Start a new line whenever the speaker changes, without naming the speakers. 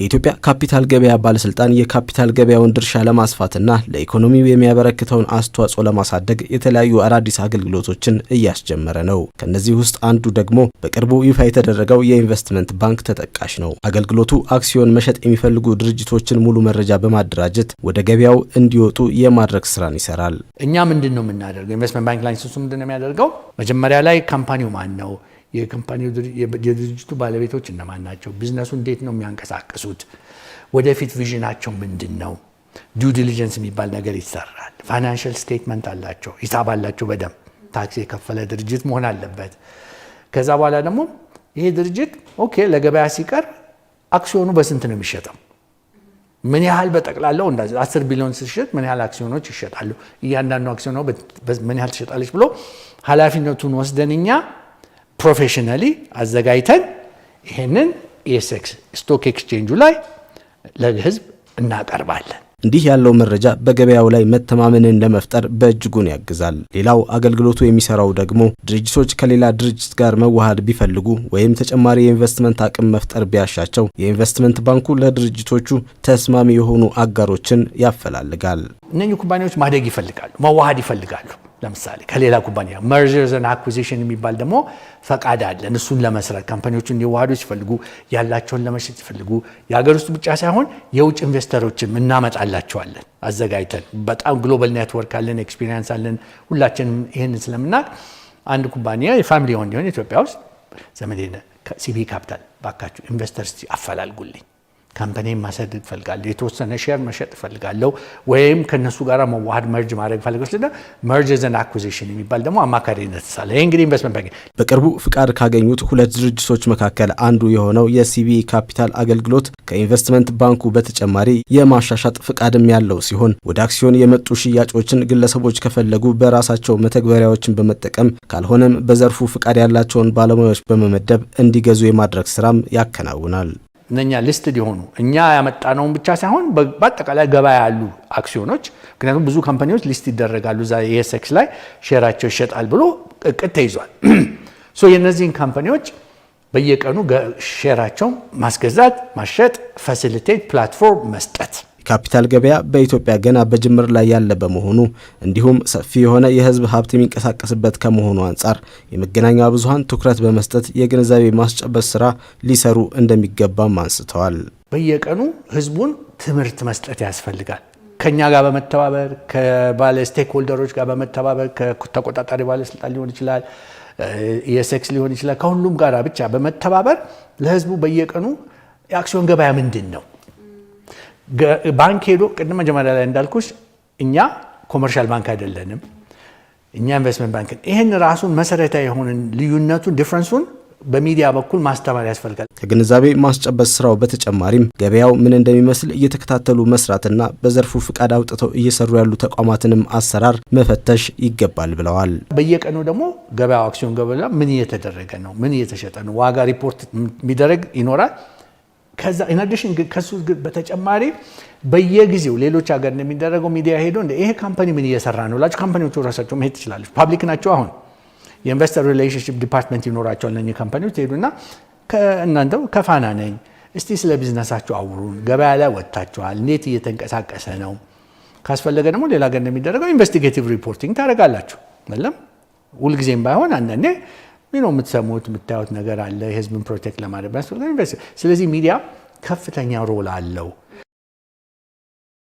የኢትዮጵያ ካፒታል ገበያ ባለስልጣን የካፒታል ገበያውን ድርሻ ለማስፋትና ለኢኮኖሚው የሚያበረክተውን አስተዋጽኦ ለማሳደግ የተለያዩ አዳዲስ አገልግሎቶችን እያስጀመረ ነው። ከእነዚህ ውስጥ አንዱ ደግሞ በቅርቡ ይፋ የተደረገው የኢንቨስትመንት ባንክ ተጠቃሽ ነው። አገልግሎቱ አክሲዮን መሸጥ የሚፈልጉ ድርጅቶችን ሙሉ መረጃ በማደራጀት ወደ ገበያው እንዲወጡ የማድረግ ስራን ይሰራል።
እኛ ምንድን ነው የምናደርገው? ኢንቨስትመንት ባንክ ላይሰንሱ ምንድን ነው የሚያደርገው? መጀመሪያ ላይ ካምፓኒው ማን ነው የካምፓኒው የድርጅቱ ባለቤቶች እነማን ናቸው? ቢዝነሱ እንዴት ነው የሚያንቀሳቅሱት? ወደፊት ቪዥናቸው ምንድን ነው? ዲው ዲሊጀንስ የሚባል ነገር ይሰራል። ፋይናንሽል ስቴትመንት አላቸው፣ ሂሳብ አላቸው። በደንብ ታክስ የከፈለ ድርጅት መሆን አለበት። ከዛ በኋላ ደግሞ ይሄ ድርጅት ኦኬ ለገበያ ሲቀር አክሲዮኑ በስንት ነው የሚሸጠው? ምን ያህል በጠቅላላው እንዳ 10 ቢሊዮን ሲሸጥ ምን ያህል አክሲዮኖች ይሸጣሉ? እያንዳንዱ አክሲዮኗ ምን ያህል ትሸጣለች ብሎ ኃላፊነቱን ወስደን እኛ ፕሮፌሽናሊ አዘጋጅተን ይህንን የሴክስ ስቶክ ኤክስቼንጁ ላይ ለህዝብ እናቀርባለን።
እንዲህ ያለው መረጃ በገበያው ላይ መተማመንን ለመፍጠር በእጅጉን ያግዛል። ሌላው አገልግሎቱ የሚሰራው ደግሞ ድርጅቶች ከሌላ ድርጅት ጋር መዋሃድ ቢፈልጉ ወይም ተጨማሪ የኢንቨስትመንት አቅም መፍጠር ቢያሻቸው የኢንቨስትመንት ባንኩ ለድርጅቶቹ ተስማሚ የሆኑ አጋሮችን ያፈላልጋል።
እነኚህ ኩባንያዎች ማደግ ይፈልጋሉ፣ መዋሃድ ይፈልጋሉ። ለምሳሌ ከሌላ ኩባንያ መርጀርስ ኤንድ አኩዚሽን የሚባል ደግሞ ፈቃድ አለን። እሱን ለመስራት ካምፓኒዎቹ ሊዋሃዱ ሲፈልጉ ያላቸውን ለመሸጥ ሲፈልጉ የሀገር ውስጥ ብቻ ሳይሆን የውጭ ኢንቨስተሮችም እናመጣላቸዋለን አዘጋጅተን። በጣም ግሎባል ኔትወርክ አለን፣ ኤክስፒሪንስ አለን። ሁላችንም ይህን ስለምናቅ አንድ ኩባንያ የፋሚሊ ሆን ሊሆን ኢትዮጵያ ውስጥ ዘመዴ ሲቪ ካፒታል ባካችሁ ኢንቨስተርስ አፈላልጉልኝ ካምፓኒ ማሰድ እፈልጋለሁ፣ የተወሰነ ሼር መሸጥ እፈልጋለሁ፣ ወይም ከነሱ ጋር መዋሃድ መርጅ ማድረግ እፈልጋለሁ። ስለ መርጀዘን አኩዚሽን የሚባል ደግሞ አማካሪነት ሳለ ይህ እንግዲህ ኢንቨስትመንት ባንክ
በቅርቡ ፍቃድ ካገኙት ሁለት ድርጅቶች መካከል አንዱ የሆነው የሲቢ ካፒታል አገልግሎት ከኢንቨስትመንት ባንኩ በተጨማሪ የማሻሻጥ ፍቃድም ያለው ሲሆን ወደ አክሲዮን የመጡ ሽያጮችን ግለሰቦች ከፈለጉ በራሳቸው መተግበሪያዎችን በመጠቀም ካልሆነም በዘርፉ ፍቃድ ያላቸውን ባለሙያዎች በመመደብ እንዲገዙ የማድረግ ስራም ያከናውናል።
እነኛ ልስት ሊሆኑ እኛ ያመጣነውን ብቻ ሳይሆን በአጠቃላይ ገበያ ያሉ አክሲዮኖች፣ ምክንያቱም ብዙ ካምፓኒዎች ሊስት ይደረጋሉ እዛ የኤስኤክስ ላይ ሼራቸው ይሸጣል ብሎ እቅድ ተይዟል። ሶ የእነዚህን ካምፓኒዎች በየቀኑ ሼራቸው ማስገዛት፣ ማሸጥ፣ ፋሲሊቴት ፕላትፎርም መስጠት
ካፒታል ገበያ በኢትዮጵያ ገና በጅምር ላይ ያለ በመሆኑ እንዲሁም ሰፊ የሆነ የህዝብ ሀብት የሚንቀሳቀስበት ከመሆኑ አንጻር የመገናኛ ብዙሀን ትኩረት በመስጠት የግንዛቤ ማስጨበጥ ስራ ሊሰሩ እንደሚገባም አንስተዋል።
በየቀኑ ህዝቡን ትምህርት መስጠት ያስፈልጋል። ከኛ ጋር በመተባበር ከባለ ስቴክሆልደሮች ጋር በመተባበር ከተቆጣጣሪ ባለስልጣን ሊሆን ይችላል የሴክስ ሊሆን ይችላል ከሁሉም ጋር ብቻ በመተባበር ለህዝቡ በየቀኑ የአክሲዮን ገበያ ምንድን ነው ባንክ ሄዶ ቅድም መጀመሪያ ላይ እንዳልኩሽ እኛ ኮመርሻል ባንክ አይደለንም። እኛ ኢንቨስትመንት ባንክ ይህን ራሱን መሰረታዊ የሆንን ልዩነቱን ዲፍረንሱን በሚዲያ በኩል ማስተማር ያስፈልጋል።
ከግንዛቤ ማስጨበጥ ስራው በተጨማሪም ገበያው ምን እንደሚመስል እየተከታተሉ መስራትና በዘርፉ ፍቃድ አውጥተው እየሰሩ ያሉ ተቋማትንም አሰራር መፈተሽ ይገባል ብለዋል።
በየቀኑ ደግሞ ገበያው አክሲዮን ገበያ ምን እየተደረገ ነው፣ ምን እየተሸጠ ነው፣ ዋጋ ሪፖርት የሚደረግ ይኖራል። ከዛ ኢንአዲሽን ከሱ በተጨማሪ በየጊዜው ሌሎች ሀገር እንደሚደረገው ሚዲያ ሄዶ እንደ ይሄ ካምፓኒ ምን እየሰራ ነው ላቸው። ካምፓኒዎቹ ራሳቸው መሄድ ትችላለች። ፓብሊክ ናቸው። አሁን የኢንቨስተር ሪሌሽንሽፕ ዲፓርትመንት ይኖራቸዋል። እነ ካምፓኒዎች ሄዱና እናንተው ከፋና ነኝ እስቲ ስለ ቢዝነሳቸው አውሩን፣ ገበያ ላይ ወጥታችኋል፣ እንዴት እየተንቀሳቀሰ ነው? ካስፈለገ ደግሞ ሌላ ሀገር እንደሚደረገው ኢንቨስቲጌቲቭ ሪፖርቲንግ ታደርጋላችሁ። ለም ሁልጊዜም ባይሆን አንዳንዴ ምን ነው የምትሰሙት፣ የምታዩት ነገር አለ። የህዝብን ፕሮቴክት ለማድረግ ስለዚህ ሚዲያ ከፍተኛ ሮል አለው።